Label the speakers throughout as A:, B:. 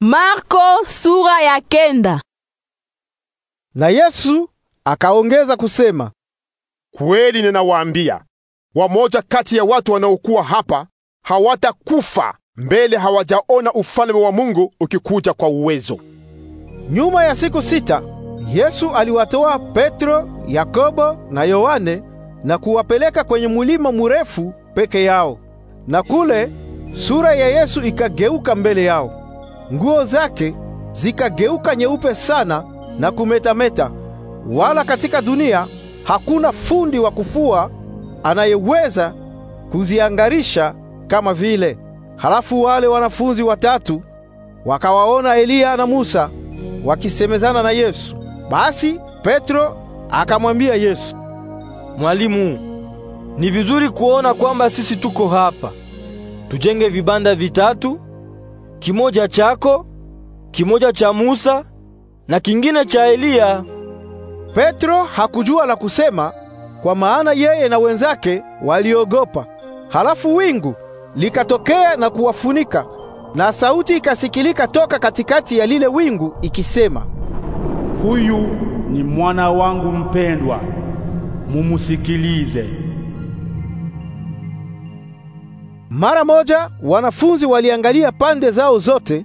A: Marko sura ya kenda. Na Yesu akaongeza kusema, kweli ninawaambia, wamoja kati ya watu wanaokuwa hapa hawatakufa mbele hawajaona ufalme wa Mungu ukikuja kwa uwezo. Nyuma ya siku sita, Yesu aliwatoa
B: Petro, Yakobo na Yohane na kuwapeleka kwenye mulima mrefu peke yao. Na kule sura ya Yesu ikageuka mbele yao nguo zake zikageuka nyeupe sana na kumetameta, wala katika dunia hakuna fundi wa kufua anayeweza kuziangarisha kama vile. Halafu wale wanafunzi watatu wakawaona Eliya na Musa wakisemezana na Yesu. Basi
C: Petro akamwambia Yesu, Mwalimu, ni vizuri kuona kwamba sisi tuko hapa, tujenge vibanda vitatu kimoja chako, kimoja cha Musa na kingine cha Eliya.
B: Petro hakujua la kusema, kwa maana yeye na wenzake waliogopa. Halafu wingu likatokea na kuwafunika, na sauti ikasikilika toka katikati ya lile wingu ikisema, huyu ni mwana wangu mpendwa, mumusikilize. Mara moja wanafunzi waliangalia pande zao zote,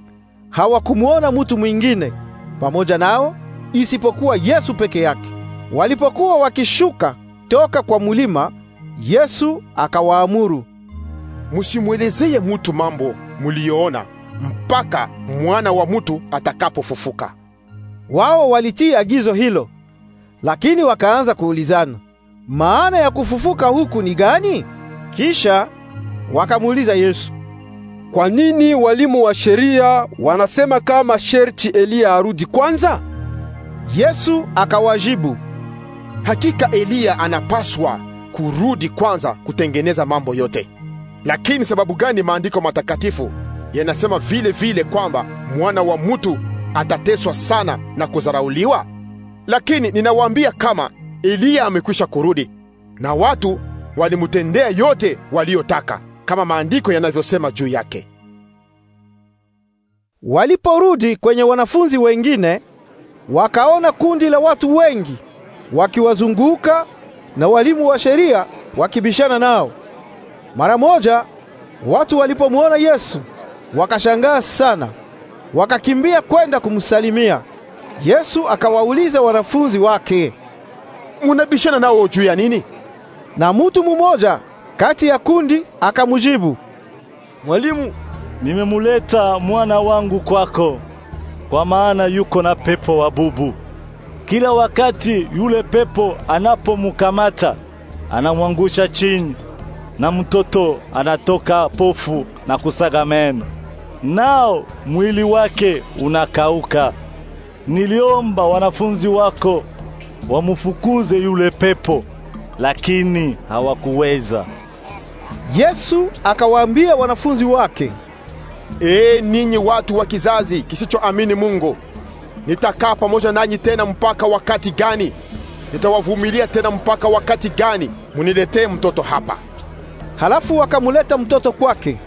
B: hawakumwona mutu mwingine pamoja nao isipokuwa Yesu peke yake. Walipokuwa wakishuka toka kwa mulima, Yesu akawaamuru,
A: musimwelezeye mutu mambo muliyoona mpaka mwana wa mutu atakapofufuka. Wao walitii agizo hilo,
B: lakini wakaanza kuulizana, maana ya kufufuka huku ni gani? Kisha Wakamuuliza Yesu, kwa nini walimu wa sheria
A: wanasema kama sherti Eliya arudi kwanza? Yesu akawajibu, hakika Eliya anapaswa kurudi kwanza kutengeneza mambo yote. Lakini sababu gani maandiko matakatifu yanasema vile vile kwamba mwana wa mtu atateswa sana na kudharauliwa? Lakini ninawaambia kama Eliya amekwisha kurudi na watu walimtendea yote waliyotaka kama maandiko yanavyosema juu yake.
B: Waliporudi kwenye wanafunzi wengine, wakaona kundi la watu wengi wakiwazunguka na walimu wa sheria wakibishana nao. Mara moja watu walipomwona Yesu wakashangaa sana, wakakimbia kwenda kumsalimia. Yesu akawauliza wanafunzi wake, munabishana nao juu ya nini? Na mutu mumoja kati ya
C: kundi akamjibu, Mwalimu, nimemuleta mwana wangu kwako, kwa maana yuko na pepo wa bubu. Kila wakati yule pepo anapomkamata anamwangusha chini, na mtoto anatoka pofu na kusaga meno, nao mwili wake unakauka. Niliomba wanafunzi wako wamufukuze yule pepo, lakini hawakuweza. Yesu akawaambia wanafunzi wake, ee ninyi watu wa
A: kizazi kisichoamini Mungu, nitakaa pamoja nanyi tena mpaka wakati gani? Nitawavumilia tena mpaka wakati gani? Muniletee mtoto hapa.
B: Halafu wakamuleta mtoto kwake,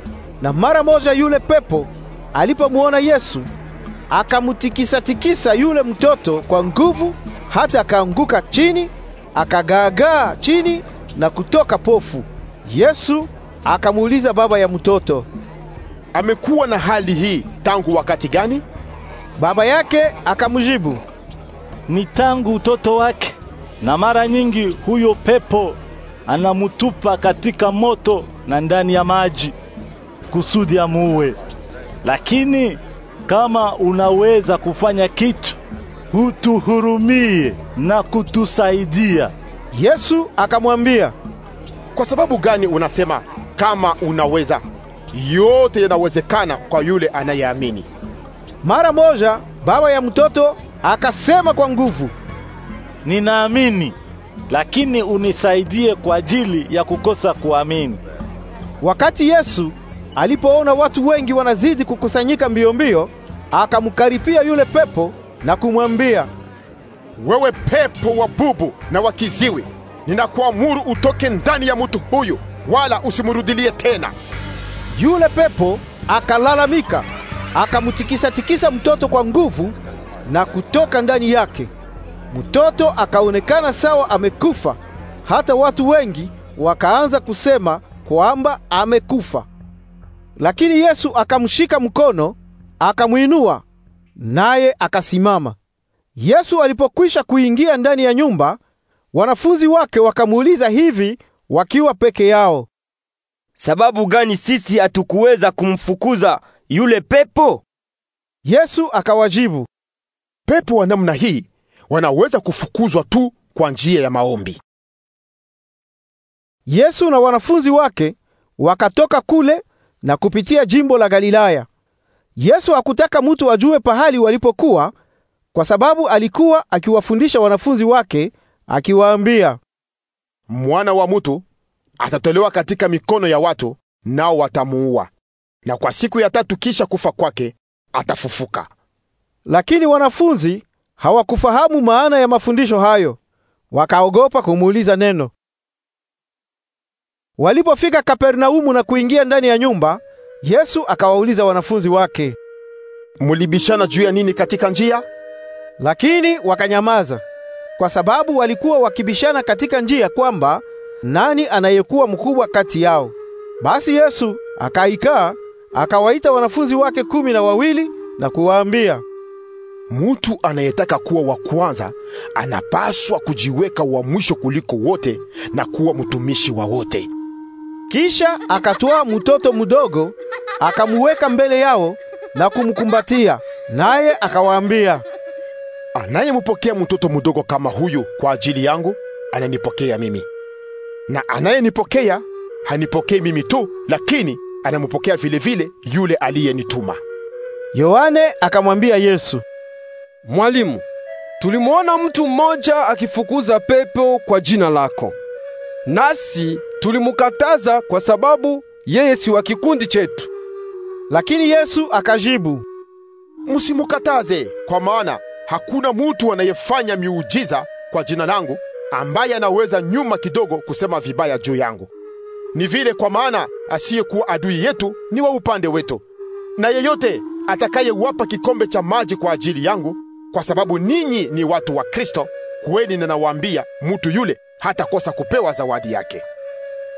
B: na mara moja yule pepo alipomuona Yesu akamtikisa-tikisa yule mtoto kwa nguvu, hata akaanguka chini, akagaagaa chini na kutoka pofu. Yesu Akamuuliza baba ya mtoto, amekuwa na hali hii tangu wakati
C: gani? Baba yake akamjibu, ni tangu utoto wake, na mara nyingi huyo pepo anamutupa katika moto na ndani ya maji kusudi amuue. Lakini kama unaweza kufanya kitu, hutuhurumie na kutusaidia. Yesu akamwambia, kwa sababu gani unasema
A: kama unaweza. Yote yanawezekana kwa yule anayeamini.
C: Mara moja baba ya mtoto akasema kwa nguvu, ninaamini, lakini unisaidie kwa ajili ya kukosa kuamini. Wakati Yesu alipoona watu wengi wanazidi kukusanyika mbio mbio,
A: akamkaripia yule pepo na kumwambia, wewe pepo wa bubu na wa kiziwi, ninakuamuru utoke ndani ya mtu huyu wala usimrudilie tena. Yule pepo akalalamika,
B: akamtikisa-tikisa mtoto kwa nguvu na kutoka ndani yake. Mtoto akaonekana sawa amekufa, hata watu wengi wakaanza kusema kwamba amekufa. Lakini Yesu akamshika mkono, akamwinua naye akasimama. Yesu alipokwisha kuingia ndani ya nyumba, wanafunzi wake wakamuuliza hivi wakiwa peke yao.
A: Sababu gani sisi hatukuweza kumfukuza yule pepo? Yesu akawajibu, pepo wa namna hii wanaweza kufukuzwa tu kwa njia ya maombi. Yesu na wanafunzi wake
B: wakatoka kule na kupitia jimbo la Galilaya. Yesu hakutaka mtu ajue pahali walipokuwa, kwa sababu alikuwa akiwafundisha wanafunzi wake,
A: akiwaambia, Mwana wa mtu atatolewa katika mikono ya watu, nao watamuua, na kwa siku ya tatu kisha kufa kwake atafufuka. Lakini wanafunzi hawakufahamu maana ya mafundisho hayo,
B: wakaogopa kumuuliza neno. Walipofika Kapernaumu na kuingia ndani ya nyumba, Yesu akawauliza wanafunzi wake, mulibishana juu ya nini katika njia? Lakini wakanyamaza kwa sababu walikuwa wakibishana katika njia kwamba nani anayekuwa mkubwa kati yao. Basi Yesu akaikaa akawaita wanafunzi wake kumi na wawili
A: na kuwaambia, mutu anayetaka kuwa wa kwanza anapaswa kujiweka wa mwisho kuliko wote na kuwa mtumishi wa wote.
B: Kisha akatoa mtoto mdogo akamuweka mbele yao na kumkumbatia,
A: naye akawaambia Anayempokea mtoto mdogo kama huyu kwa ajili yangu ananipokea mimi, na anayenipokea hanipokei mimi tu, lakini vile vilevile yule aliyenituma. Yohane akamwambia Yesu, Mwalimu, tulimwona mtu mmoja
B: akifukuza pepo kwa jina lako, nasi tulimukataza kwa
A: sababu yeye si wa kikundi chetu. Lakini Yesu akajibu, msimukataze, kwa maana hakuna mutu anayefanya miujiza kwa jina langu ambaye anaweza nyuma kidogo kusema vibaya juu yangu. Ni vile kwa maana asiyekuwa adui yetu ni wa upande wetu, na yeyote atakayewapa kikombe cha maji kwa ajili yangu, kwa sababu ninyi ni watu wa Kristo, kweli ninawaambia, mutu yule hatakosa kupewa zawadi yake.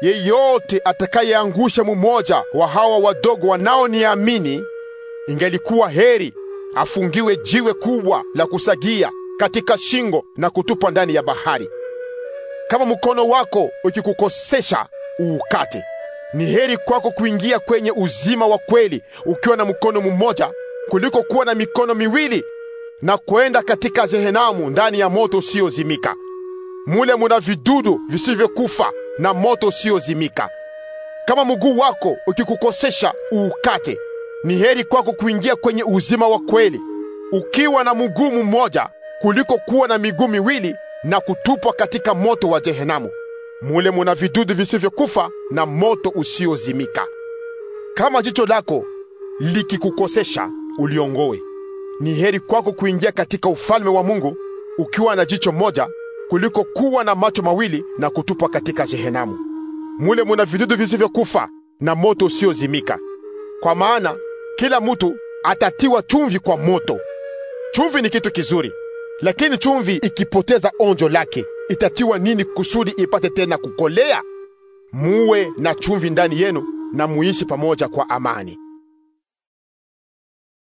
A: Yeyote atakayeangusha mumoja wa hawa wadogo wanaoniamini, ingelikuwa heri afungiwe jiwe kubwa la kusagia katika shingo na kutupwa ndani ya bahari. Kama mkono wako ukikukosesha, uukate. Ni heri kwako kuingia kwenye uzima wa kweli ukiwa na mkono mmoja kuliko kuwa na mikono miwili na kwenda katika Jehenamu, ndani ya moto usiozimika. Mule muna vidudu visivyokufa na moto usiozimika. Kama mguu wako ukikukosesha, uukate ni heri kwako kuingia kwenye uzima wa kweli ukiwa na mguu mmoja kuliko kuwa na miguu miwili na kutupwa katika moto wa Jehenamu, mule muna vidudu visivyokufa na moto usiozimika. Kama jicho lako likikukosesha, uliongoe. Ni heri kwako kuingia katika ufalme wa Mungu ukiwa na jicho moja kuliko kuwa na macho mawili na kutupwa katika Jehenamu, mule muna vidudu visivyokufa na moto usiozimika. Kwa maana kila mtu atatiwa chumvi kwa moto. Chumvi ni kitu kizuri, lakini chumvi ikipoteza onjo lake itatiwa nini kusudi ipate tena kukolea? Muwe na chumvi ndani yenu na muishi pamoja kwa amani.